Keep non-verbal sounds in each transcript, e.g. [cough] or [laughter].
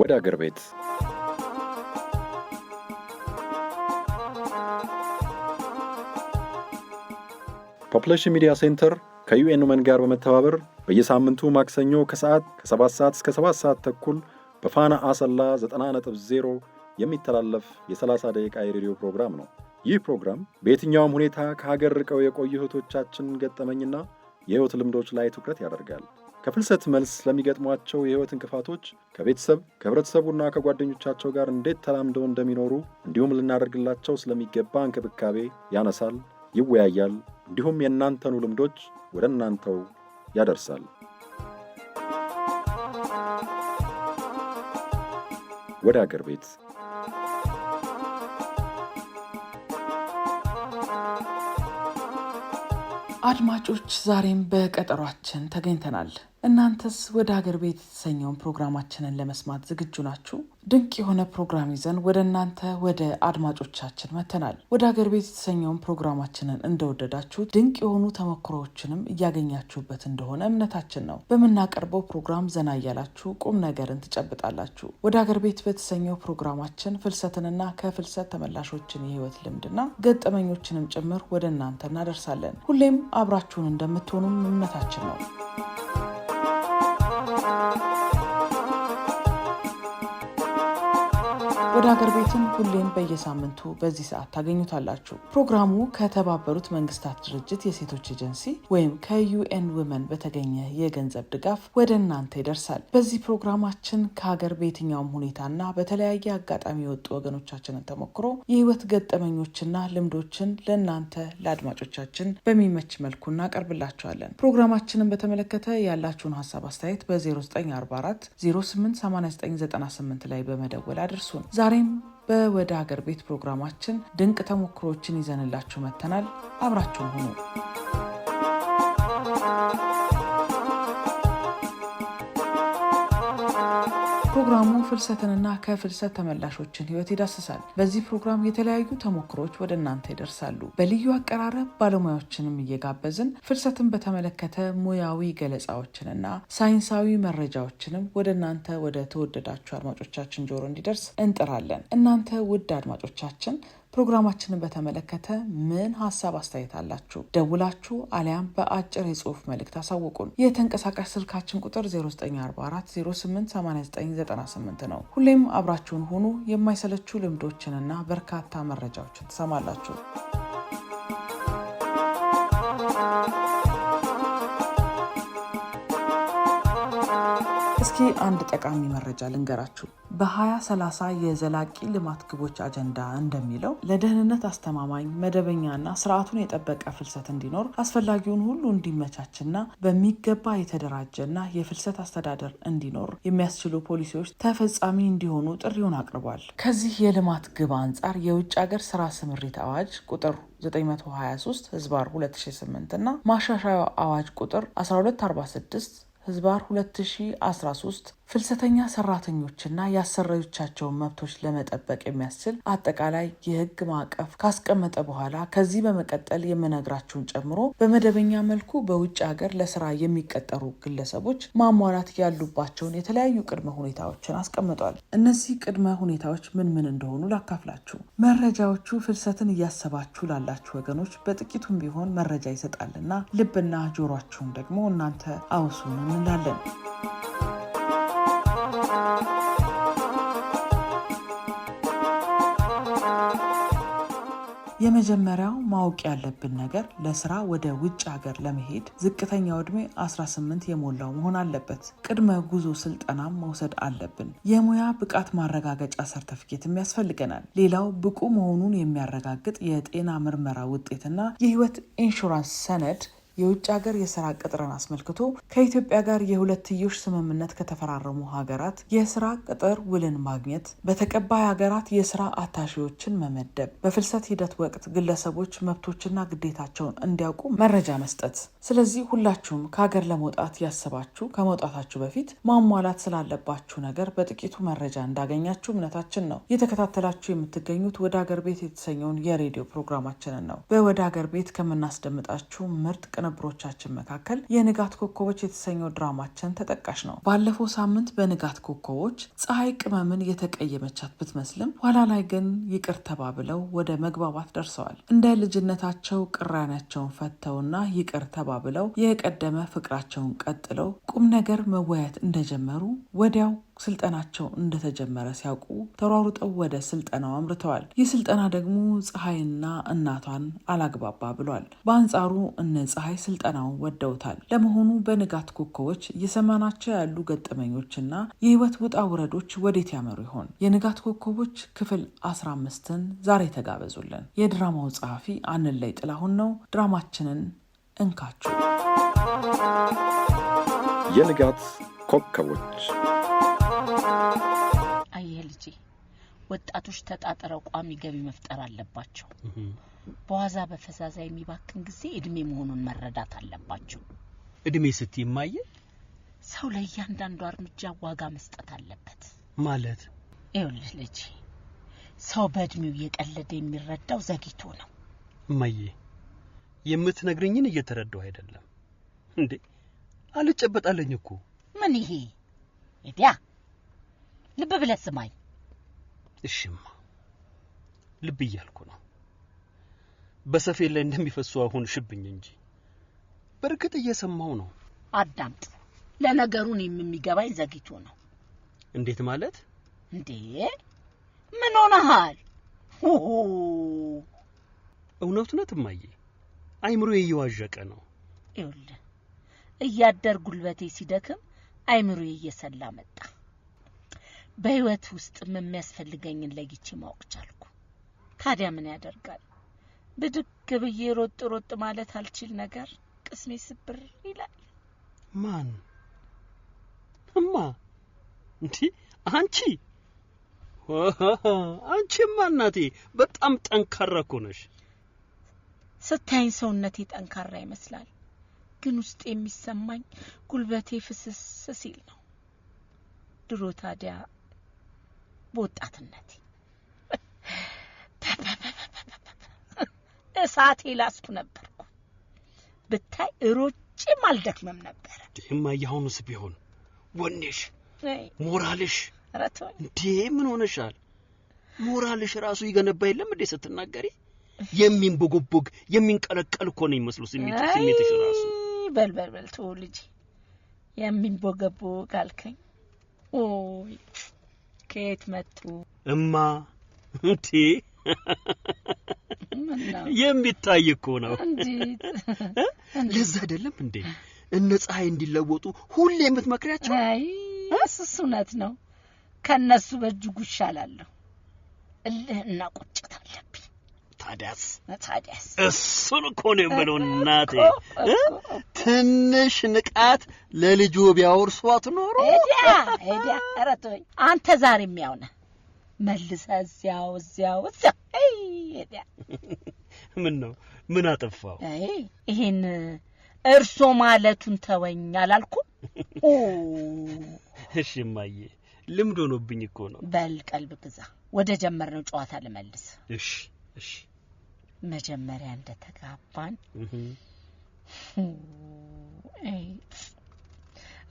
ወደ አገር ቤት ፖፕሌሽን ሚዲያ ሴንተር ከዩኤን ውመን ጋር በመተባበር በየሳምንቱ ማክሰኞ ከሰዓት ከ7 ሰዓት እስከ 7 ሰዓት ተኩል በፋና አሰላ 90.0 የሚተላለፍ የ30 ደቂቃ የሬዲዮ ፕሮግራም ነው። ይህ ፕሮግራም በየትኛውም ሁኔታ ከሀገር ርቀው የቆዩ እህቶቻችን ገጠመኝና የህይወት ልምዶች ላይ ትኩረት ያደርጋል። ከፍልሰት መልስ ለሚገጥሟቸው የህይወት እንቅፋቶች ከቤተሰብ ከህብረተሰቡና ከጓደኞቻቸው ጋር እንዴት ተላምደው እንደሚኖሩ እንዲሁም ልናደርግላቸው ስለሚገባ እንክብካቤ ያነሳል፣ ይወያያል፣ እንዲሁም የእናንተኑ ልምዶች ወደ እናንተው ያደርሳል። ወደ አገር ቤት አድማጮች ዛሬም በቀጠሯችን ተገኝተናል። እናንተስ ወደ ሀገር ቤት የተሰኘውን ፕሮግራማችንን ለመስማት ዝግጁ ናችሁ? ድንቅ የሆነ ፕሮግራም ይዘን ወደ እናንተ ወደ አድማጮቻችን መተናል። ወደ ሀገር ቤት የተሰኘውን ፕሮግራማችንን እንደወደዳችሁ ድንቅ የሆኑ ተሞክሮዎችንም እያገኛችሁበት እንደሆነ እምነታችን ነው። በምናቀርበው ፕሮግራም ዘና እያላችሁ ቁም ነገርን ትጨብጣላችሁ። ወደ ሀገር ቤት በተሰኘው ፕሮግራማችን ፍልሰትንና ከፍልሰት ተመላሾችን የህይወት ልምድና ገጠመኞችንም ጭምር ወደ እናንተ እናደርሳለን። ሁሌም አብራችሁን እንደምትሆኑም እምነታችን ነው። ሀገር ቤትን ሁሌም በየሳምንቱ በዚህ ሰዓት ታገኙታላችሁ። ፕሮግራሙ ከተባበሩት መንግስታት ድርጅት የሴቶች ኤጀንሲ ወይም ከዩኤን ውመን በተገኘ የገንዘብ ድጋፍ ወደ እናንተ ይደርሳል። በዚህ ፕሮግራማችን ከሀገር በየትኛውም ሁኔታና በተለያየ አጋጣሚ የወጡ ወገኖቻችንን ተሞክሮ የህይወት ገጠመኞችና ልምዶችን ለእናንተ ለአድማጮቻችን በሚመች መልኩ እናቀርብላችኋለን። ፕሮግራማችንን በተመለከተ ያላችሁን ሀሳብ አስተያየት በ0944 088998 ላይ በመደወል አድርሱን። ዛሬ ዛሬም በወደ ሀገር ቤት ፕሮግራማችን ድንቅ ተሞክሮዎችን ይዘንላችሁ መጥተናል። አብራችሁን ሁኑ። ፕሮግራሙ ፍልሰትንና ከፍልሰት ተመላሾችን ህይወት ይዳስሳል። በዚህ ፕሮግራም የተለያዩ ተሞክሮች ወደ እናንተ ይደርሳሉ። በልዩ አቀራረብ ባለሙያዎችንም እየጋበዝን ፍልሰትን በተመለከተ ሙያዊ ገለጻዎችንና ሳይንሳዊ መረጃዎችንም ወደ እናንተ ወደ ተወደዳችሁ አድማጮቻችን ጆሮ እንዲደርስ እንጥራለን። እናንተ ውድ አድማጮቻችን ፕሮግራማችንን በተመለከተ ምን ሀሳብ አስተያየት አላችሁ? ደውላችሁ አሊያም በአጭር የጽሁፍ መልእክት አሳውቁን። የተንቀሳቃሽ ስልካችን ቁጥር 0944088998 ነው። ሁሌም አብራችሁን ሁኑ። የማይሰለቹ ልምዶችንና በርካታ መረጃዎችን ትሰማላችሁ። እስኪ አንድ ጠቃሚ መረጃ ልንገራችሁ። በ2030 የዘላቂ ልማት ግቦች አጀንዳ እንደሚለው ለደህንነት አስተማማኝ መደበኛና ስርዓቱን የጠበቀ ፍልሰት እንዲኖር አስፈላጊውን ሁሉ እንዲመቻችና በሚገባ የተደራጀና የፍልሰት አስተዳደር እንዲኖር የሚያስችሉ ፖሊሲዎች ተፈጻሚ እንዲሆኑ ጥሪውን አቅርቧል። ከዚህ የልማት ግብ አንጻር የውጭ ሀገር ስራ ስምሪት አዋጅ ቁጥር 923 ህዝባር 2008 እና ማሻሻያ አዋጅ ቁጥር 1246 ህዝባር 2013 ፍልሰተኛ ሰራተኞችና የአሰሪዎቻቸውን መብቶች ለመጠበቅ የሚያስችል አጠቃላይ የህግ ማዕቀፍ ካስቀመጠ በኋላ ከዚህ በመቀጠል የምነግራችሁን ጨምሮ በመደበኛ መልኩ በውጭ ሀገር ለስራ የሚቀጠሩ ግለሰቦች ማሟላት ያሉባቸውን የተለያዩ ቅድመ ሁኔታዎችን አስቀምጧል። እነዚህ ቅድመ ሁኔታዎች ምን ምን እንደሆኑ ላካፍላችሁ። መረጃዎቹ ፍልሰትን እያሰባችሁ ላላችሁ ወገኖች በጥቂቱም ቢሆን መረጃ ይሰጣልና ልብና ጆሯችሁን ደግሞ እናንተ አውሱን እንላለን። የመጀመሪያው ማወቅ ያለብን ነገር ለስራ ወደ ውጭ ሀገር ለመሄድ ዝቅተኛው ዕድሜ 18 የሞላው መሆን አለበት። ቅድመ ጉዞ ስልጠናም መውሰድ አለብን። የሙያ ብቃት ማረጋገጫ ሰርተፍኬትም ያስፈልገናል። ሌላው ብቁ መሆኑን የሚያረጋግጥ የጤና ምርመራ ውጤትና የህይወት ኢንሹራንስ ሰነድ የውጭ ሀገር የስራ ቅጥርን አስመልክቶ ከኢትዮጵያ ጋር የሁለትዮሽ ስምምነት ከተፈራረሙ ሀገራት የስራ ቅጥር ውልን ማግኘት፣ በተቀባይ ሀገራት የስራ አታሺዎችን መመደብ፣ በፍልሰት ሂደት ወቅት ግለሰቦች መብቶችና ግዴታቸውን እንዲያውቁ መረጃ መስጠት። ስለዚህ ሁላችሁም ከሀገር ለመውጣት ያሰባችሁ ከመውጣታችሁ በፊት ማሟላት ስላለባችሁ ነገር በጥቂቱ መረጃ እንዳገኛችሁ እምነታችን ነው። እየተከታተላችሁ የምትገኙት ወደ ሀገር ቤት የተሰኘውን የሬዲዮ ፕሮግራማችንን ነው። በወደ ሀገር ቤት ከምናስደምጣችሁ ምርጥ ቅንብሮቻችን መካከል የንጋት ኮከቦች የተሰኘው ድራማችን ተጠቃሽ ነው። ባለፈው ሳምንት በንጋት ኮከቦች ፀሐይ ቅመምን የተቀየመቻት ብትመስልም ኋላ ላይ ግን ይቅር ተባብለው ወደ መግባባት ደርሰዋል። እንደ ልጅነታቸው ቅራኔያቸውን ፈተውና ይቅር ተባብለው የቀደመ ፍቅራቸውን ቀጥለው ቁም ነገር መወያየት እንደጀመሩ ወዲያው ስልጠናቸው እንደተጀመረ ሲያውቁ ተሯሩጠው ወደ ስልጠናው አምርተዋል። ይህ ስልጠና ደግሞ ፀሐይና እናቷን አላግባባ ብሏል። በአንጻሩ እነ ፀሐይ ስልጠናው ወደውታል። ለመሆኑ በንጋት ኮከቦች እየሰማናቸው ያሉ ገጠመኞችና የህይወት ውጣ ውረዶች ወዴት ያመሩ ይሆን? የንጋት ኮከቦች ክፍል አስራ አምስትን ዛሬ ተጋበዙልን። የድራማው ጸሐፊ አንለይ ጥላሁን ነው። ድራማችንን እንካችሁ የንጋት ኮከቦች ይሄ ልጄ ወጣቶች ተጣጥረው ቋሚ ገቢ መፍጠር አለባቸው። በዋዛ በፈዛዛ የሚባክን ጊዜ እድሜ መሆኑን መረዳት አለባቸው። እድሜ ስት ይማየ ሰው እያንዳንዱ እርምጃ ዋጋ መስጠት አለበት ማለት ይኸውልህ ልጅ ሰው በእድሜው እየቀለደ የሚረዳው ዘግይቶ ነው። እማዬ የምትነግረኝን እየተረዳው አይደለም እንዴ? አልጨበጣለኝ እኮ ምን ይሄ እዲያ ልብ ብለህ ስማኝ። እሽማ ልብ እያልኩ ነው። በሰፌን ላይ እንደሚፈሱ አሁን ሽብኝ እንጂ በእርግጥ እየሰማው ነው። አዳምጥ። ለነገሩን የሚገባኝ ዘግይቶ ነው። እንዴት ማለት እንዴ? ምን ሆነሃል? እውነት እውነት እማዬ፣ አይምሮ እየዋዠቀ ነው። ይኸውልህ እያደር ጉልበቴ ሲደክም አይምሮ እየሰላ መጣ። በህይወት ውስጥ የሚያስፈልገኝን ለይቼ ማወቅ ቻልኩ። ታዲያ ምን ያደርጋል፣ ብድግ ብዬ ሮጥ ሮጥ ማለት አልችል ነገር ቅስሜ ስብር ይላል። ማን እማ? እንዲህ አንቺ አንቺማ እናቴ በጣም ጠንካራ እኮ ነሽ። ስታይኝ ሰውነቴ ጠንካራ ይመስላል፣ ግን ውስጥ የሚሰማኝ ጉልበቴ ፍስስ ሲል ነው። ድሮ ታዲያ በወጣትነት እሳቴ ላስኩ ነበርኩ። ብታይ ሮጬም አልደክመም ነበረ። እማዬ፣ አሁኑስ ቢሆን ወኔሽ፣ ሞራልሽ እንዴ! ምን ሆነሻል? ሞራልሽ ራሱ ይገነባ የለም እንዴ? ስትናገሪ የሚንቦጎቦግ የሚንቀለቀል እኮ ነው የሚመስሉ ስሜት ስሜትሽ ራሱ። በል በል በል፣ ተወው ልጄ፣ የሚንቦገቦግ አልከኝ። ኦይ ከየት መጡ? እማ እንዴ የሚታይ እኮ ነው። ለዛ አይደለም እንዴ እነ ፀሐይ እንዲለወጡ ሁሌ የምትመክሪያቸው? አይ እሱስ እውነት ነው። ከእነሱ በእጅጉ እሻላለሁ። እልህና ቁጭት አለብኝ። ታዲያስ ታዲያስ እሱን እኮ ነው የምለው እናቴ ትንሽ ንቃት ለልጁ ቢያወርሷት ኖሮ እዲያ እዲያ ኧረ ተወኝ አንተ ዛሬ የሚያውነ መልሰ እዚያው እዚያው እዚያው ዲያ ምን ነው ምን አጠፋው ይሄን እርሶ ማለቱን ተወኝ አላልኩ [laughs] እሺ እማዬ ልምድ ሆኖብኝ እኮ ነው በል ቀልብ ግዛ ወደ ጀመርነው ጨዋታ ልመልስ እሺ እሺ መጀመሪያ እንደተጋባን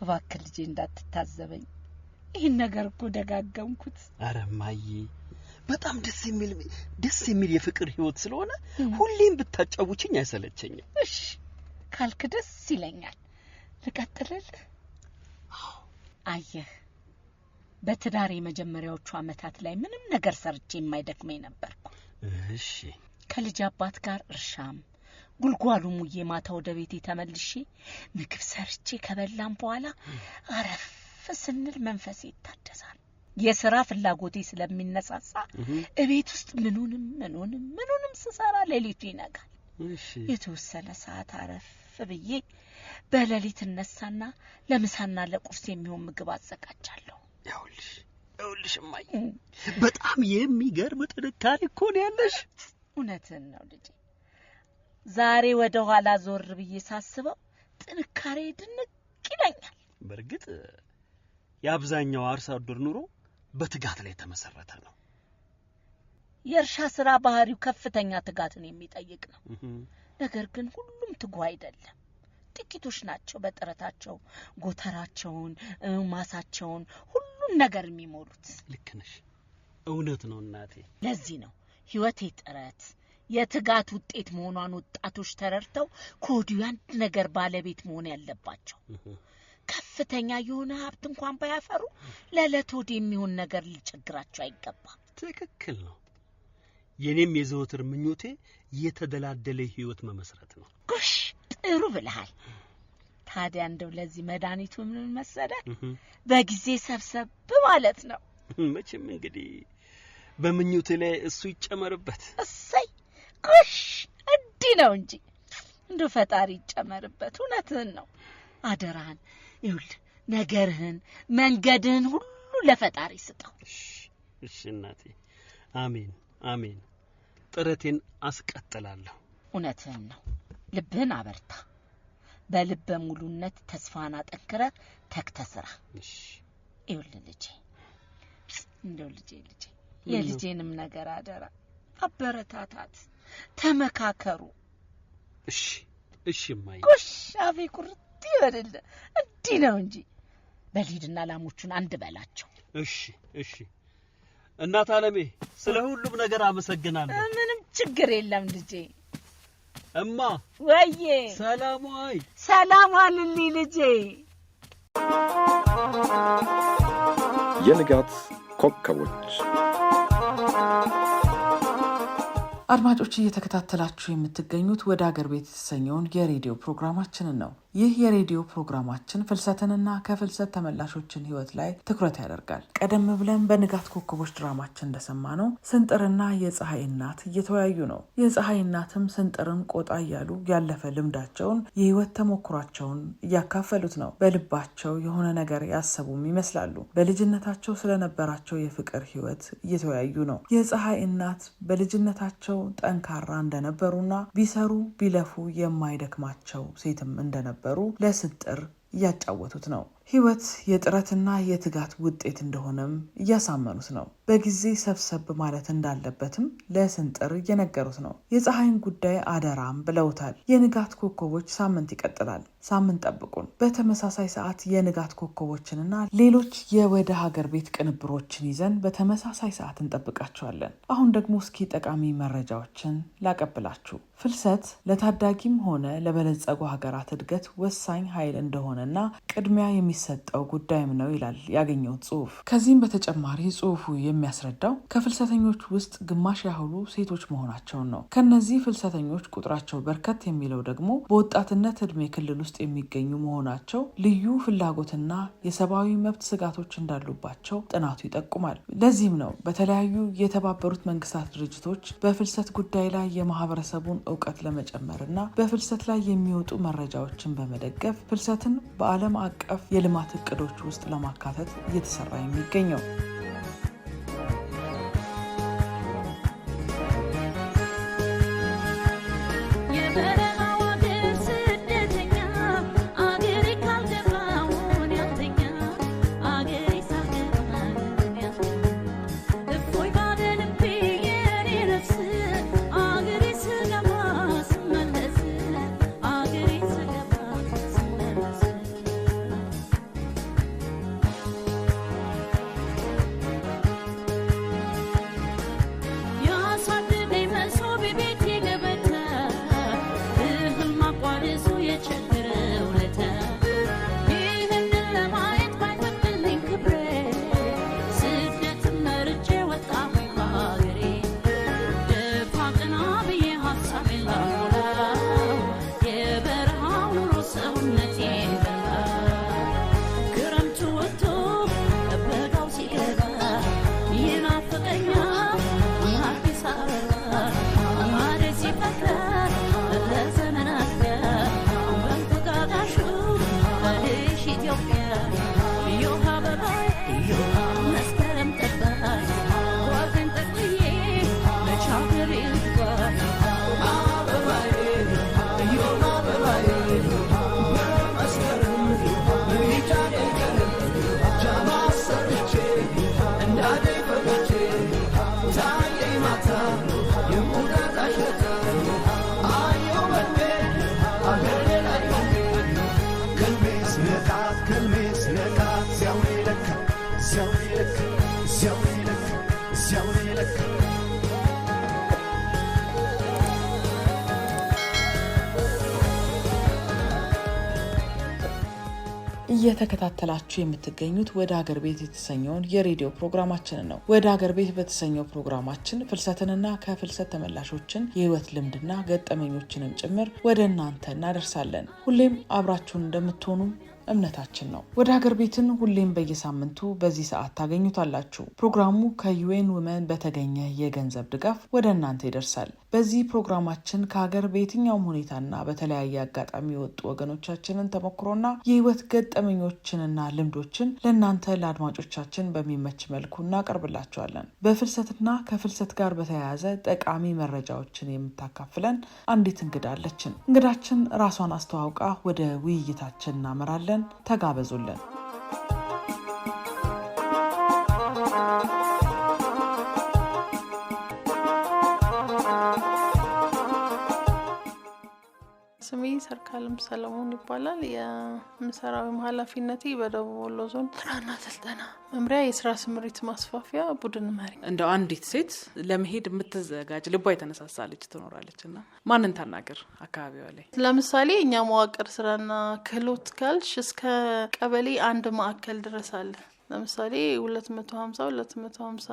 እባክህ ልጄ እንዳትታዘበኝ፣ ይህን ነገር እኮ ደጋገምኩት። አረ እማዬ በጣም ደስ የሚል ደስ የሚል የፍቅር ህይወት ስለሆነ ሁሌም ብታጫውችኝ አይሰለቸኝም። እሺ ካልክ ደስ ይለኛል። ልቀጥልልህ? አየህ በትዳር የመጀመሪያዎቹ አመታት ላይ ምንም ነገር ሰርቼ የማይደክመኝ ነበርኩ። እሺ ከልጅ አባት ጋር እርሻም ጉልጓሉ ሙዬ ማታ ወደ ቤቴ ተመልሼ ምግብ ሰርቼ ከበላም በኋላ አረፍ ስንል መንፈሴ ይታደሳል። የስራ ፍላጎቴ ስለሚነሳሳ እቤት ውስጥ ምኑንም ምኑንም ምኑንም ስሰራ ሌሊቱ ይነጋል። የተወሰነ ሰዓት አረፍ ብዬ በሌሊት እነሳና ለምሳና ለቁርስ የሚሆን ምግብ አዘጋጃለሁ። ይኸውልሽ ይኸውልሽ እማዬ በጣም የሚገርም ጥንካሬ እኮ ነው ያለሽ። እውነትን ነው ልጄ። ዛሬ ወደ ኋላ ዞር ብዬ ሳስበው ጥንካሬ ድንቅ ይለኛል። በእርግጥ የአብዛኛው አርሶ አደር ኑሮ በትጋት ላይ የተመሰረተ ነው። የእርሻ ስራ ባህሪው ከፍተኛ ትጋትን የሚጠይቅ ነው። ነገር ግን ሁሉም ትጉ አይደለም። ጥቂቶች ናቸው በጥረታቸው ጎተራቸውን፣ ማሳቸውን ሁሉም ነገር የሚሞሉት። ልክ ነሽ፣ እውነት ነው እናቴ። ለዚህ ነው ህይወት ጥረት የትጋት ውጤት መሆኗን ወጣቶች ተረድተው ከወዲሁ አንድ ነገር ባለቤት መሆን ያለባቸው ከፍተኛ የሆነ ሀብት እንኳን ባያፈሩ ለዕለት ወድ የሚሆን ነገር ሊቸግራቸው አይገባም። ትክክል ነው። የእኔም የዘወትር ምኞቴ የተደላደለ ህይወት መመስረት ነው። ጎሽ ጥሩ ብለሃል። ታዲያ እንደው ለዚህ መድኃኒቱ ምን መሰለህ? በጊዜ ሰብሰብ ማለት ነው። መቼም እንግዲህ በምኞቴ ላይ እሱ ይጨመርበት። እሰይ ጎሽ፣ እንዲህ ነው እንጂ እንደ ፈጣሪ ይጨመርበት። እውነትህን ነው። አደራህን ይውል ነገርህን፣ መንገድህን ሁሉ ለፈጣሪ ስጠው። እሺ እናቴ። አሜን አሜን። ጥረቴን አስቀጥላለሁ። እውነትህን ነው። ልብህን አበርታ። በልበ ሙሉነት ተስፋን አጠንክረህ ተግተህ ስራ። ልጄ፣ እንደው ልጄ ልጄ የልጄንም ነገር አደራ አበረታታት፣ ተመካከሩ። እሺ እሺ። ማይ ጎሽ፣ አፌ ቁርጥ ይበልል። እንዲህ ነው እንጂ በልሂድና ላሞቹን አንድ በላቸው። እሺ እሺ። እናት አለሜ ስለ ሁሉም ነገር አመሰግናለሁ። ምንም ችግር የለም ልጄ። እማ ወዬ፣ ሰላም ዋይ፣ ሰላም ዋልልኝ ልጄ። የንጋት ኮከቦች አድማጮች እየተከታተላችሁ የምትገኙት ወደ አገር ቤት የተሰኘውን የሬዲዮ ፕሮግራማችንን ነው። ይህ የሬዲዮ ፕሮግራማችን ፍልሰትንና ከፍልሰት ተመላሾችን ህይወት ላይ ትኩረት ያደርጋል። ቀደም ብለን በንጋት ኮከቦች ድራማችን እንደሰማ ነው ስንጥርና የፀሐይ እናት እየተወያዩ ነው። የፀሐይ እናትም ስንጥርን ቆጣ እያሉ ያለፈ ልምዳቸውን፣ የህይወት ተሞክሯቸውን እያካፈሉት ነው። በልባቸው የሆነ ነገር ያሰቡም ይመስላሉ። በልጅነታቸው ስለነበራቸው የፍቅር ህይወት እየተወያዩ ነው። የፀሐይ እናት በልጅነታቸው ጠንካራ እንደነበሩና ቢሰሩ ቢለፉ የማይደክማቸው ሴትም እንደነበሩ እንደነበሩ ለስንጥር እያጫወቱት ነው። ህይወት የጥረትና የትጋት ውጤት እንደሆነም እያሳመኑት ነው። በጊዜ ሰብሰብ ማለት እንዳለበትም ለስንጥር እየነገሩት ነው። የፀሐይን ጉዳይ አደራም ብለውታል። የንጋት ኮከቦች ሳምንት ይቀጥላል። ሳምንት ጠብቁን። በተመሳሳይ ሰዓት የንጋት ኮከቦችንና ሌሎች የወደ ሀገር ቤት ቅንብሮችን ይዘን በተመሳሳይ ሰዓት እንጠብቃቸዋለን። አሁን ደግሞ እስኪ ጠቃሚ መረጃዎችን ላቀብላችሁ። ፍልሰት ለታዳጊም ሆነ ለበለጸጉ ሀገራት እድገት ወሳኝ ኃይል እንደሆነና ቅድሚያ የሚ የሚሰጠው ጉዳይም ነው ይላል ያገኘው ጽሁፍ። ከዚህም በተጨማሪ ጽሁፉ የሚያስረዳው ከፍልሰተኞች ውስጥ ግማሽ ያህሉ ሴቶች መሆናቸውን ነው። ከነዚህ ፍልሰተኞች ቁጥራቸው በርከት የሚለው ደግሞ በወጣትነት እድሜ ክልል ውስጥ የሚገኙ መሆናቸው ልዩ ፍላጎትና የሰብአዊ መብት ስጋቶች እንዳሉባቸው ጥናቱ ይጠቁማል። ለዚህም ነው በተለያዩ የተባበሩት መንግስታት ድርጅቶች በፍልሰት ጉዳይ ላይ የማህበረሰቡን እውቀት ለመጨመርና በፍልሰት ላይ የሚወጡ መረጃዎችን በመደገፍ ፍልሰትን በዓለም አቀፍ የለ የልማት እቅዶች ውስጥ ለማካተት እየተሰራ የሚገኘው እየተከታተላችሁ የምትገኙት ወደ ሀገር ቤት የተሰኘውን የሬዲዮ ፕሮግራማችን ነው። ወደ ሀገር ቤት በተሰኘው ፕሮግራማችን ፍልሰትንና ከፍልሰት ተመላሾችን የህይወት ልምድና ገጠመኞችንም ጭምር ወደ እናንተ እናደርሳለን። ሁሌም አብራችሁን እንደምትሆኑ እምነታችን ነው። ወደ ሀገር ቤትን ሁሌም በየሳምንቱ በዚህ ሰዓት ታገኙታላችሁ። ፕሮግራሙ ከዩኤን ውመን በተገኘ የገንዘብ ድጋፍ ወደ እናንተ ይደርሳል። በዚህ ፕሮግራማችን ከሀገር በየትኛውም ሁኔታና በተለያየ አጋጣሚ የወጡ ወገኖቻችንን ተሞክሮና የህይወት ገጠመኞችንና ልምዶችን ለእናንተ ለአድማጮቻችን በሚመች መልኩ እናቀርብላቸዋለን። በፍልሰትና ከፍልሰት ጋር በተያያዘ ጠቃሚ መረጃዎችን የምታካፍለን አንዲት እንግዳለችን። እንግዳችን ራሷን አስተዋውቃ ወደ ውይይታችን እናመራለን። ተጋበዙልን። ሰርካለም ሰለሞን ይባላል። የምሰራው ኃላፊነቴ በደቡብ ወሎ ዞን ስራና ስልጠና መምሪያ የስራ ስምሪት ማስፋፊያ ቡድን መሪ። እንደ አንዲት ሴት ለመሄድ የምትዘጋጅ ልቧ የተነሳሳለች ትኖራለች እና ማንን ታናገር? አካባቢዋ ላይ ለምሳሌ እኛ መዋቅር ስራና ክህሎት ካልሽ እስከ ቀበሌ አንድ ማዕከል ድረስ አለ። ለምሳሌ ሁለት መቶ ሀምሳ ሁለት መቶ ሀምሳ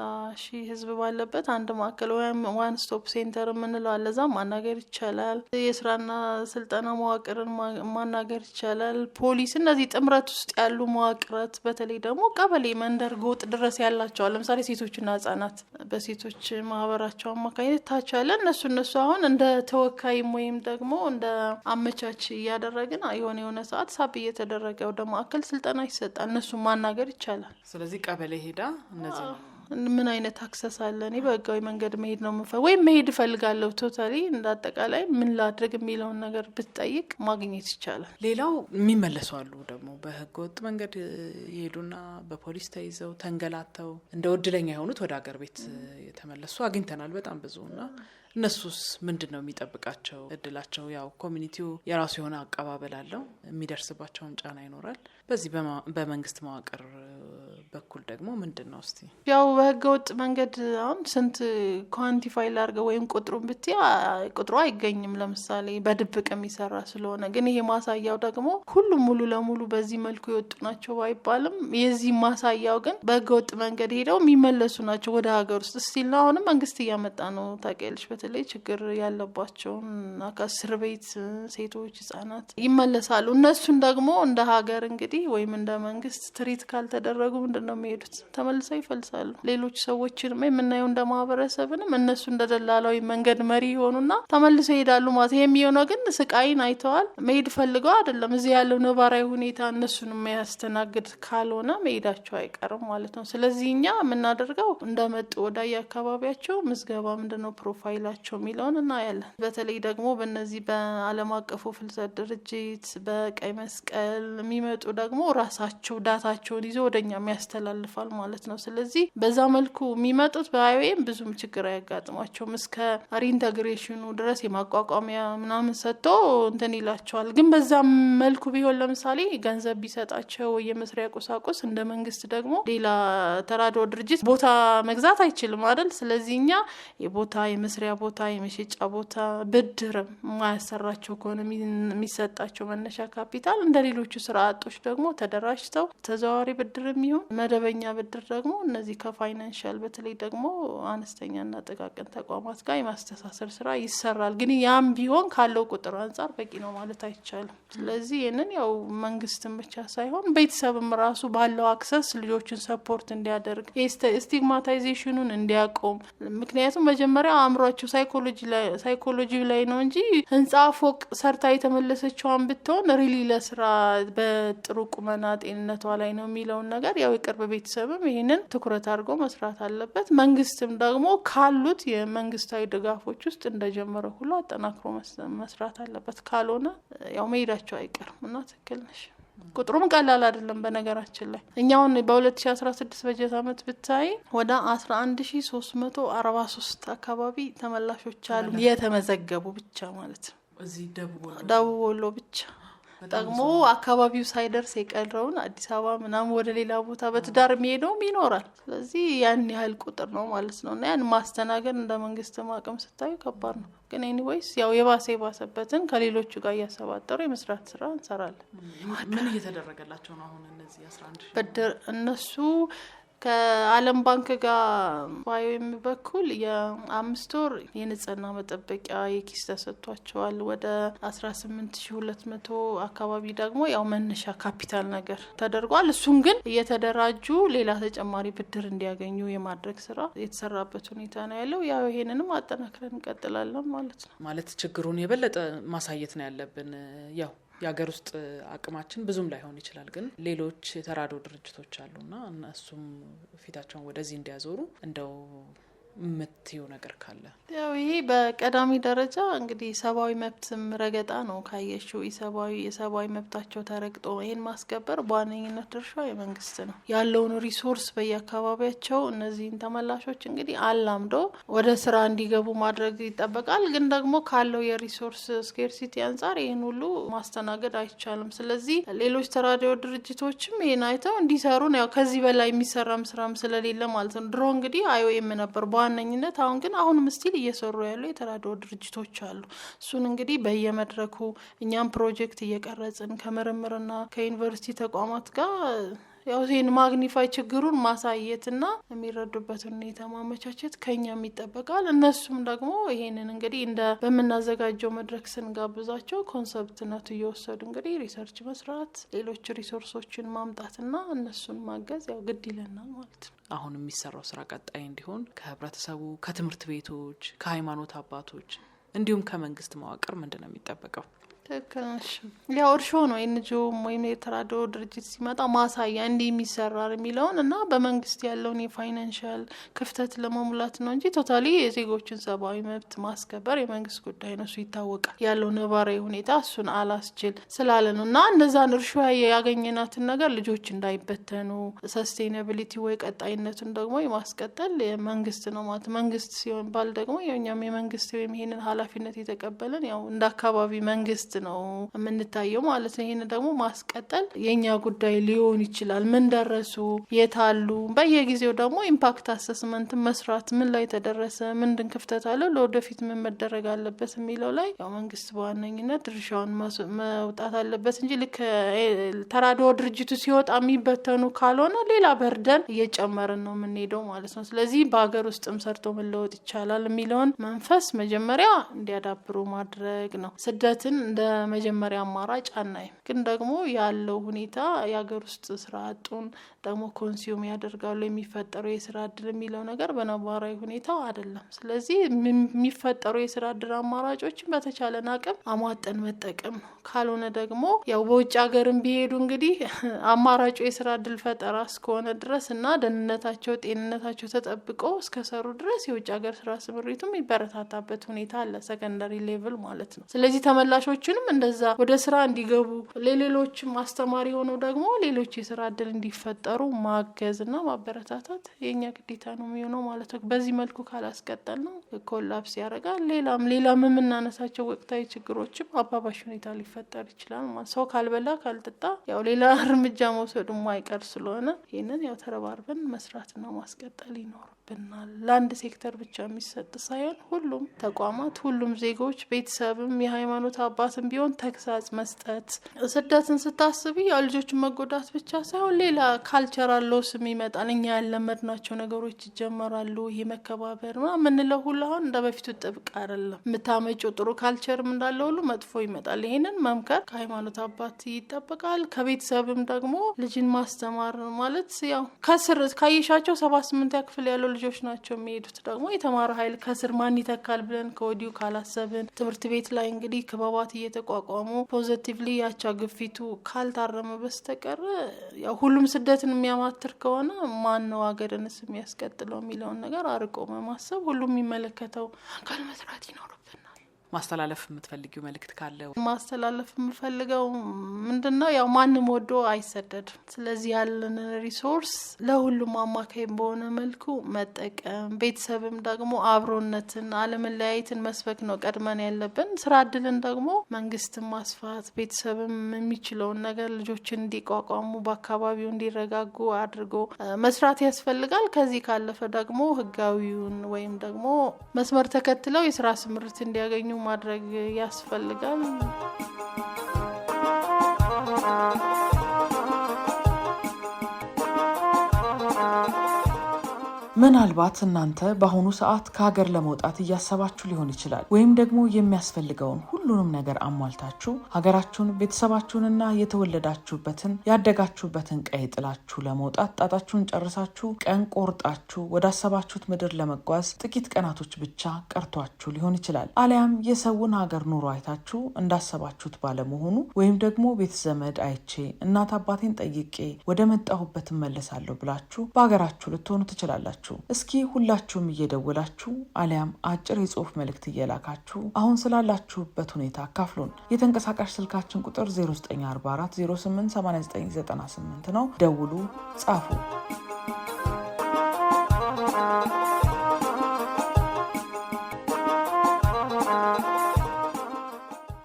ሺህ ህዝብ ባለበት አንድ ማዕከል ወይም ዋን ስቶፕ ሴንተር የምንለው አለ። እዛ ማናገር ይቻላል። የስራና ስልጠና መዋቅርን ማናገር ይቻላል። ፖሊስ፣ እነዚህ ጥምረት ውስጥ ያሉ መዋቅራት፣ በተለይ ደግሞ ቀበሌ፣ መንደር፣ ጎጥ ድረስ ያላቸዋል። ለምሳሌ ሴቶችና ህጻናት በሴቶች ማህበራቸው አማካኝነት ታች አለ። እነሱ እነሱ አሁን እንደ ተወካይም ወይም ደግሞ እንደ አመቻች እያደረግን የሆነ የሆነ ሰዓት ሳብ እየተደረገ ወደ ማዕከል ስልጠና ይሰጣል። እነሱ ማናገር ይቻላል። ይቻላል። ስለዚህ ቀበሌ ሄዳ እነዚህ ምን አይነት አክሰስ አለ? እኔ በህጋዊ መንገድ መሄድ ነው ምፈ ወይም መሄድ እፈልጋለሁ ቶታሊ እንዳጠቃላይ ምን ላድረግ የሚለውን ነገር ብትጠይቅ ማግኘት ይቻላል። ሌላው የሚመለሱ አሉ ደግሞ በህገ ወጥ መንገድ የሄዱና በፖሊስ ተይዘው ተንገላተው እንደ እድለኛ የሆኑት ወደ ሀገር ቤት የተመለሱ አግኝተናል በጣም ብዙና እነሱስ ምንድን ነው የሚጠብቃቸው? እድላቸው ያው ኮሚኒቲው የራሱ የሆነ አቀባበል አለው። የሚደርስባቸውን ጫና ይኖራል። በዚህ በመንግስት መዋቅር በኩል ደግሞ ምንድን ነው እስቲ ያው በህገ ወጥ መንገድ አሁን ስንት ኳንቲፋይ ላርገ ወይም ቁጥሩን ብት ቁጥሩ አይገኝም። ለምሳሌ በድብቅ የሚሰራ ስለሆነ ግን ይሄ ማሳያው ደግሞ ሁሉም ሙሉ ለሙሉ በዚህ መልኩ የወጡ ናቸው ባይባልም የዚህ ማሳያው ግን በህገ ወጥ መንገድ ሄደው የሚመለሱ ናቸው ወደ ሀገር ውስጥ ስቲል ነው። አሁንም መንግስት እያመጣ ነው። ታውቂያለሽ፣ በተለይ ችግር ያለባቸውን እስር ቤት ሴቶች፣ ህጻናት ይመለሳሉ። እነሱን ደግሞ እንደ ሀገር እንግዲህ እንግዲህ ወይም እንደ መንግስት ትሪት ካልተደረጉ ምንድን ነው የሚሄዱት? ተመልሰው ይፈልሳሉ። ሌሎች ሰዎችን የምናየው እንደ ማህበረሰብንም እነሱ እንደ ደላላዊ መንገድ መሪ የሆኑና ተመልሰው ይሄዳሉ ማለት። ይሄ የሚሆነው ግን ስቃይን አይተዋል፣ መሄድ ፈልገው አይደለም። እዚህ ያለው ነባራዊ ሁኔታ እነሱን የሚያስተናግድ ካልሆነ መሄዳቸው አይቀርም ማለት ነው። ስለዚህ እኛ የምናደርገው እንደመጡ ወዳየ አካባቢያቸው ምዝገባ ምንድነው ፕሮፋይላቸው የሚለውን እናያለን። በተለይ ደግሞ በነዚህ በአለም አቀፉ ፍልሰት ድርጅት በቀይ መስቀል የሚመጡ ደግሞ ራሳቸው ዳታቸውን ይዞ ወደኛ ያስተላልፋል ማለት ነው። ስለዚህ በዛ መልኩ የሚመጡት በአይወይም ብዙም ችግር አያጋጥማቸውም። እስከ ሪኢንተግሬሽኑ ድረስ የማቋቋሚያ ምናምን ሰጥቶ እንትን ይላቸዋል። ግን በዛ መልኩ ቢሆን ለምሳሌ ገንዘብ ቢሰጣቸው የመስሪያ ቁሳቁስ፣ እንደ መንግስት ደግሞ ሌላ ተራድኦ ድርጅት ቦታ መግዛት አይችልም አይደል? ስለዚህ እኛ የቦታ የመስሪያ ቦታ የመሸጫ ቦታ ብድርም ማያሰራቸው ከሆነ የሚሰጣቸው መነሻ ካፒታል እንደ ሌሎቹ ስራ አጦች ደግሞ ደግሞ ተደራጅተው ተዘዋዋሪ ብድር የሚሆን መደበኛ ብድር ደግሞ እነዚህ ከፋይናንሻል በተለይ ደግሞ አነስተኛና ጥቃቅን ተቋማት ጋር የማስተሳሰር ስራ ይሰራል። ግን ያም ቢሆን ካለው ቁጥር አንጻር በቂ ነው ማለት አይቻልም። ስለዚህ ይህንን ያው መንግስትም ብቻ ሳይሆን ቤተሰብም ራሱ ባለው አክሰስ ልጆችን ሰፖርት እንዲያደርግ ስቲግማታይዜሽኑን እንዲያቆም ምክንያቱም መጀመሪያ አእምሯቸው ሳይኮሎጂ ላይ ነው እንጂ ህንጻ ፎቅ ሰርታ የተመለሰችዋን ብትሆን ሪሊ ለስራ በጥሩ ቁመና ጤንነቷ ላይ ነው የሚለውን ነገር ያው የቅርብ ቤተሰብም ይህንን ትኩረት አድርጎ መስራት አለበት። መንግስትም ደግሞ ካሉት የመንግስታዊ ድጋፎች ውስጥ እንደጀመረ ሁሉ አጠናክሮ መስራት አለበት። ካልሆነ ያው መሄዳቸው አይቀርም እና ትክክል ነሽ። ቁጥሩም ቀላል አይደለም። በነገራችን ላይ እኛውን በ2016 በጀት ዓመት ብታይ ወደ 11343 አካባቢ ተመላሾች አሉ የተመዘገቡ ብቻ ማለት ነው። ደቡብ ወሎ ብቻ ጠቅሞ አካባቢው ሳይደርስ የቀረውን አዲስ አበባ ምናምን ወደ ሌላ ቦታ በትዳር የሚሄደውም ይኖራል። ስለዚህ ያን ያህል ቁጥር ነው ማለት ነው እና ያን ማስተናገድ እንደ መንግስትም አቅም ስታዩ ከባድ ነው። ግን ኤኒዌይስ ያው የባሰ የባሰበትን ከሌሎቹ ጋር እያሰባጠሩ የመስራት ስራ እንሰራለን። ምን እየተደረገላቸው ነው አሁን እነዚህ አስራ አንድ እነሱ ከዓለም ባንክ ጋር ባዮም በኩል የአምስት ወር የንጽህና መጠበቂያ የኪስ ተሰጥቷቸዋል። ወደ አስራ ስምንት ሺ ሁለት መቶ አካባቢ ደግሞ ያው መነሻ ካፒታል ነገር ተደርጓል። እሱን ግን እየተደራጁ ሌላ ተጨማሪ ብድር እንዲያገኙ የማድረግ ስራ የተሰራበት ሁኔታ ነው ያለው። ያው ይሄንንም አጠናክረን እንቀጥላለን ማለት ነው። ማለት ችግሩን የበለጠ ማሳየት ነው ያለብን ያው የሀገር ውስጥ አቅማችን ብዙም ላይሆን ይችላል። ግን ሌሎች የተራድኦ ድርጅቶች አሉና እነሱም ፊታቸውን ወደዚህ እንዲያዞሩ እንደው የምትዩ ነገር ካለ ያው ይሄ በቀዳሚ ደረጃ እንግዲህ ሰብአዊ መብትም ረገጣ ነው። ካየሽው ሰብአዊ የሰብአዊ መብታቸው ተረግጦ ይህን ማስከበር በዋነኝነት ድርሻ የመንግስት ነው። ያለውን ሪሶርስ በየአካባቢያቸው እነዚህን ተመላሾች እንግዲህ አላምዶ ወደ ስራ እንዲገቡ ማድረግ ይጠበቃል። ግን ደግሞ ካለው የሪሶርስ ስኬርሲቲ አንጻር ይህን ሁሉ ማስተናገድ አይቻልም። ስለዚህ ሌሎች ተራዲዮ ድርጅቶችም ይህን አይተው እንዲሰሩ ነው። ያው ከዚህ በላይ የሚሰራም ስራም ስለሌለ ማለት ነው። ድሮ እንግዲህ አይኦኤም ነበር በዋነኝነት አሁን ግን አሁንም ስቲል እየሰሩ ያሉ የተራድኦ ድርጅቶች አሉ። እሱን እንግዲህ በየመድረኩ እኛም ፕሮጀክት እየቀረጽን ከምርምርና ከዩኒቨርሲቲ ተቋማት ጋር ያው ይህን ማግኒፋይ ችግሩን ማሳየትና የሚረዱበት ሁኔታ ማመቻቸት ከኛም ይጠበቃል። እነሱም ደግሞ ይሄንን እንግዲህ እንደ በምናዘጋጀው መድረክ ስንጋብዛቸው ኮንሰፕትነቱ እየወሰዱ እንግዲህ ሪሰርች መስራት፣ ሌሎች ሪሶርሶችን ማምጣትና እነሱን ማገዝ ያው ግድ ይለናል ማለት ነው። አሁን የሚሰራው ስራ ቀጣይ እንዲሆን ከህብረተሰቡ፣ ከትምህርት ቤቶች፣ ከሃይማኖት አባቶች እንዲሁም ከመንግስት መዋቅር ምንድን ነው የሚጠበቀው? ትክክል ነሽ። ያው እርሾ ነው የኤንጂኦም ወይም የተራድኦ ድርጅት ሲመጣ ማሳያ እንዲህ የሚሰራል የሚለውን እና በመንግስት ያለውን የፋይናንሻል ክፍተት ለመሙላት ነው እንጂ ቶታሊ የዜጎችን ሰብአዊ መብት ማስከበር የመንግስት ጉዳይ ነው። እሱ ይታወቃል። ያለው ነባራዊ ሁኔታ እሱን አላስችል ስላለ ነው እና እነዛን እርሾ ያገኘናትን ነገር ልጆች እንዳይበተኑ ሰስቴናብሊቲ ወይ ቀጣይነቱን ደግሞ የማስቀጠል መንግስት ነው ማለት መንግስት ሲሆን ባል ደግሞ የኛም የመንግስት ወይም ይሄንን ኃላፊነት የተቀበለን ያው እንደ አካባቢ መንግስት ውስጥ ነው የምንታየው ማለት ነው። ይህን ደግሞ ማስቀጠል የእኛ ጉዳይ ሊሆን ይችላል። ምን ደረሱ፣ የታሉ፣ በየጊዜው ደግሞ ኢምፓክት አሰስመንት መስራት፣ ምን ላይ ተደረሰ፣ ምንድን ክፍተት አለው፣ ለወደፊት ምን መደረግ አለበት የሚለው ላይ ያው መንግስት በዋነኝነት ድርሻውን መውጣት አለበት እንጂ ልክ ተራድኦ ድርጅቱ ሲወጣ የሚበተኑ ካልሆነ ሌላ በርደን እየጨመርን ነው የምንሄደው ማለት ነው። ስለዚህ በሀገር ውስጥም ሰርቶ መለወጥ ይቻላል የሚለውን መንፈስ መጀመሪያ እንዲያዳብሩ ማድረግ ነው። ስደትን እንደ መጀመሪያ አማራጭ አናይም። ግን ደግሞ ያለው ሁኔታ የሀገር ውስጥ ስራ አጡን ደግሞ ኮንሱም ያደርጋሉ የሚፈጠሩ የስራ እድል የሚለው ነገር በነባራዊ ሁኔታው አይደለም። ስለዚህ የሚፈጠሩ የስራ እድል አማራጮችን በተቻለን አቅም አሟጠን መጠቀም ነው። ካልሆነ ደግሞ ያው በውጭ ሀገርም ቢሄዱ እንግዲህ አማራጩ የስራ እድል ፈጠራ እስከሆነ ድረስ እና ደህንነታቸው፣ ጤንነታቸው ተጠብቆ እስከሰሩ ድረስ የውጭ ሀገር ስራ ስምሪቱም ይበረታታበት ሁኔታ አለ፣ ሰከንደሪ ሌቭል ማለት ነው። ስለዚህ ተመላሾችንም እንደዛ ወደ ስራ እንዲገቡ ለሌሎችም አስተማሪ ሆነው ደግሞ ሌሎች የስራ እድል እንዲፈጠሩ እንዲፈጠሩ ማገዝ እና ማበረታታት የኛ ግዴታ ነው የሚሆነው ማለት ነው። በዚህ መልኩ ካላስቀጠል ነው ኮላፕስ ያደርጋል። ሌላም ሌላም የምናነሳቸው ወቅታዊ ችግሮችም አባባሽ ሁኔታ ሊፈጠር ይችላል። ሰው ካልበላ ካልጠጣ ያው ሌላ [laughs] እርምጃ መውሰዱ ማይቀር ስለሆነ ይህንን ያው ተረባርበን መስራትና ማስቀጠል ይኖራል። ይጠበቅብናል። ለአንድ ሴክተር ብቻ የሚሰጥ ሳይሆን ሁሉም ተቋማት፣ ሁሉም ዜጎች፣ ቤተሰብም፣ የሃይማኖት አባትም ቢሆን ተግሳጽ መስጠት። ስደትን ስታስቢ ያ ልጆችን መጎዳት ብቻ ሳይሆን ሌላ ካልቸር አለው ስም ይመጣል እኛ ያለመድናቸው ነገሮች ይጀመራሉ። ይህ መከባበር የምንለው ሁሉ አሁን እንደ በፊቱ ጥብቅ አይደለም። የምታመጪው ጥሩ ካልቸርም እንዳለ ሁሉ መጥፎ ይመጣል። ይህንን መምከር ከሃይማኖት አባት ይጠበቃል። ከቤተሰብም ደግሞ ልጅን ማስተማር ማለት ያው ከስር ካየሻቸው ሰባ ስምንት ያክፍል ያለው ልጆች ናቸው የሚሄዱት። ደግሞ የተማረ ኃይል ከስር ማን ይተካል ብለን ከወዲሁ ካላሰብን ትምህርት ቤት ላይ እንግዲህ ክበባት እየተቋቋሙ ፖዘቲቭሊ ያቻ ግፊቱ ካልታረመ በስተቀር ያው ሁሉም ስደትን የሚያማትር ከሆነ ማን ነው ሀገርንስ የሚያስቀጥለው የሚለውን ነገር አርቆ በማሰብ ሁሉም የሚመለከተው አካል መስራት ይኖርበታል። ማስተላለፍ የምትፈልጊው መልእክት ካለ? ማስተላለፍ የምፈልገው ምንድን ነው ያው ማንም ወዶ አይሰደድም። ስለዚህ ያለን ሪሶርስ ለሁሉም አማካኝ በሆነ መልኩ መጠቀም፣ ቤተሰብም ደግሞ አብሮነትን፣ አለመለያየትን መስበክ ነው ቀድመን ያለብን። ስራ እድልን ደግሞ መንግስትን ማስፋት፣ ቤተሰብም የሚችለውን ነገር ልጆችን እንዲቋቋሙ በአካባቢው እንዲረጋጉ አድርጎ መስራት ያስፈልጋል። ከዚህ ካለፈ ደግሞ ህጋዊውን ወይም ደግሞ መስመር ተከትለው የስራ ስምርት እንዲያገኙ ማድረግ ያስፈልጋል። ምናልባት እናንተ በአሁኑ ሰዓት ከሀገር ለመውጣት እያሰባችሁ ሊሆን ይችላል። ወይም ደግሞ የሚያስፈልገውን ሁሉንም ነገር አሟልታችሁ ሀገራችሁን፣ ቤተሰባችሁንና የተወለዳችሁበትን ያደጋችሁበትን ቀይ ጥላችሁ ለመውጣት ጣጣችሁን ጨርሳችሁ ቀን ቆርጣችሁ ወዳሰባችሁት ምድር ለመጓዝ ጥቂት ቀናቶች ብቻ ቀርቷችሁ ሊሆን ይችላል። አሊያም የሰውን ሀገር ኑሮ አይታችሁ እንዳሰባችሁት ባለመሆኑ ወይም ደግሞ ቤተ ዘመድ አይቼ እናት አባቴን ጠይቄ ወደ መጣሁበት እመለሳለሁ ብላችሁ በሀገራችሁ ልትሆኑ ትችላላችሁ። አላችሁ። እስኪ ሁላችሁም እየደወላችሁ አሊያም አጭር የጽሁፍ መልእክት እየላካችሁ አሁን ስላላችሁበት ሁኔታ አካፍሉን። የተንቀሳቃሽ ስልካችን ቁጥር 0944 088998 ነው። ደውሉ፣ ጻፉ።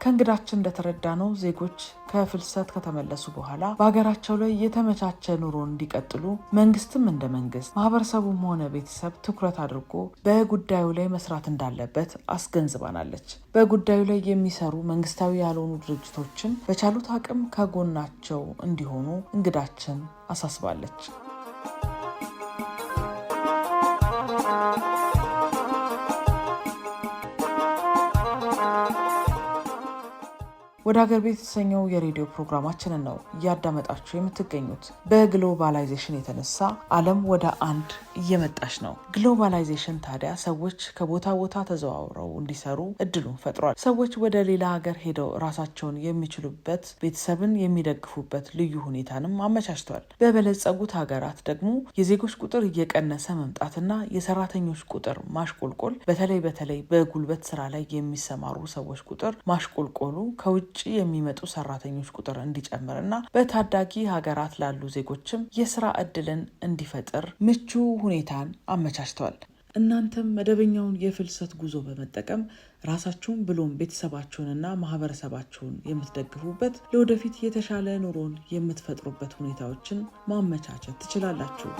ከእንግዳችን እንደተረዳ ነው ዜጎች ከፍልሰት ከተመለሱ በኋላ በሀገራቸው ላይ የተመቻቸ ኑሮ እንዲቀጥሉ መንግስትም እንደ መንግስት ማህበረሰቡም ሆነ ቤተሰብ ትኩረት አድርጎ በጉዳዩ ላይ መስራት እንዳለበት አስገንዝባናለች። በጉዳዩ ላይ የሚሰሩ መንግስታዊ ያልሆኑ ድርጅቶችን በቻሉት አቅም ከጎናቸው እንዲሆኑ እንግዳችን አሳስባለች። ወደ ሀገር ቤት የተሰኘው የሬዲዮ ፕሮግራማችንን ነው እያዳመጣችሁ የምትገኙት። በግሎባላይዜሽን የተነሳ ዓለም ወደ አንድ እየመጣች ነው። ግሎባላይዜሽን ታዲያ ሰዎች ከቦታ ቦታ ተዘዋውረው እንዲሰሩ እድሉን ፈጥሯል። ሰዎች ወደ ሌላ ሀገር ሄደው ራሳቸውን የሚችሉበት፣ ቤተሰብን የሚደግፉበት ልዩ ሁኔታንም አመቻችቷል። በበለጸጉት ሀገራት ደግሞ የዜጎች ቁጥር እየቀነሰ መምጣትና የሰራተኞች ቁጥር ማሽቆልቆል፣ በተለይ በተለይ በጉልበት ስራ ላይ የሚሰማሩ ሰዎች ቁጥር ማሽቆልቆሉ ከውጭ ውጭ የሚመጡ ሰራተኞች ቁጥር እንዲጨምር እና በታዳጊ ሀገራት ላሉ ዜጎችም የስራ እድልን እንዲፈጥር ምቹ ሁኔታን አመቻችተዋል። እናንተም መደበኛውን የፍልሰት ጉዞ በመጠቀም ራሳችሁን ብሎም ቤተሰባችሁንና ማህበረሰባችሁን የምትደግፉበት ለወደፊት የተሻለ ኑሮን የምትፈጥሩበት ሁኔታዎችን ማመቻቸት ትችላላችሁ።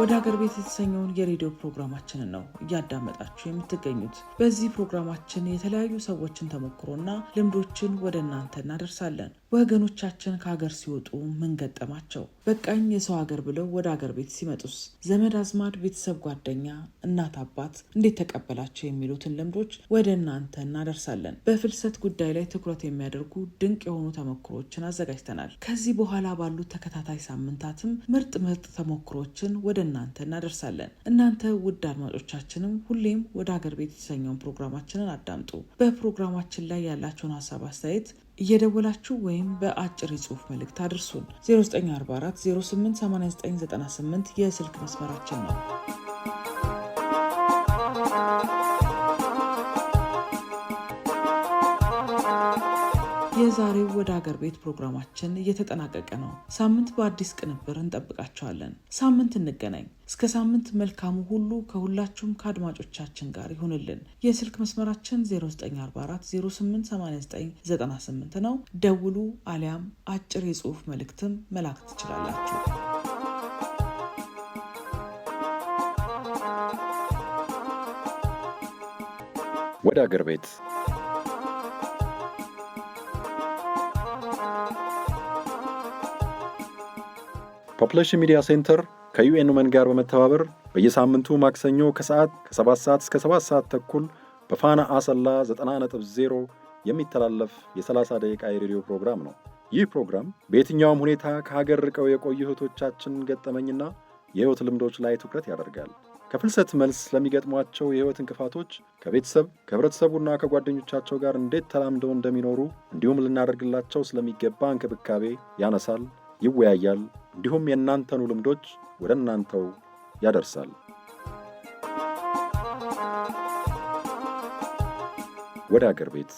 ወደ ሀገር ቤት የተሰኘውን የሬዲዮ ፕሮግራማችንን ነው እያዳመጣችሁ የምትገኙት። በዚህ ፕሮግራማችን የተለያዩ ሰዎችን ተሞክሮና ልምዶችን ወደ እናንተ እናደርሳለን። ወገኖቻችን ከሀገር ሲወጡ ምን ገጠማቸው? በቃኝ የሰው ሀገር ብለው ወደ ሀገር ቤት ሲመጡስ ዘመድ አዝማድ፣ ቤተሰብ፣ ጓደኛ፣ እናት አባት እንዴት ተቀበላቸው? የሚሉትን ልምዶች ወደ እናንተ እናደርሳለን። በፍልሰት ጉዳይ ላይ ትኩረት የሚያደርጉ ድንቅ የሆኑ ተሞክሮችን አዘጋጅተናል። ከዚህ በኋላ ባሉት ተከታታይ ሳምንታትም ምርጥ ምርጥ ተሞክሮችን ወደ እናንተ እናደርሳለን። እናንተ ውድ አድማጮቻችንም ሁሌም ወደ ሀገር ቤት የተሰኘውን ፕሮግራማችንን አዳምጡ። በፕሮግራማችን ላይ ያላቸውን ሀሳብ አስተያየት እየደወላችሁ ወይም በአጭር የጽሁፍ መልእክት አድርሱን። 0944 088998 የስልክ መስመራችን ነው። የዛሬው ወደ አገር ቤት ፕሮግራማችን እየተጠናቀቀ ነው። ሳምንት በአዲስ ቅንብር እንጠብቃቸዋለን። ሳምንት እንገናኝ። እስከ ሳምንት መልካሙ ሁሉ ከሁላችሁም ከአድማጮቻችን ጋር ይሁንልን። የስልክ መስመራችን 0944088998 ነው። ደውሉ አሊያም አጭር የጽሑፍ መልእክትም መላክ ትችላላችሁ። ወደ አገር ቤት ፖፑሌሽን ሚዲያ ሴንተር ከዩኤን ውመን ጋር በመተባበር በየሳምንቱ ማክሰኞ ከሰዓት ከ7 ሰዓት እስከ 7 ሰዓት ተኩል በፋና አሰላ 90.0 የሚተላለፍ የ30 ደቂቃ የሬዲዮ ፕሮግራም ነው። ይህ ፕሮግራም በየትኛውም ሁኔታ ከሀገር ርቀው የቆዩ እህቶቻችን ገጠመኝና የህይወት ልምዶች ላይ ትኩረት ያደርጋል። ከፍልሰት መልስ ለሚገጥሟቸው የህይወት እንቅፋቶች ከቤተሰብ ከህብረተሰቡና ከጓደኞቻቸው ጋር እንዴት ተላምደው እንደሚኖሩ እንዲሁም ልናደርግላቸው ስለሚገባ እንክብካቤ ያነሳል፣ ይወያያል እንዲሁም የእናንተኑ ልምዶች ወደ እናንተው ያደርሳል። ወደ አገር ቤት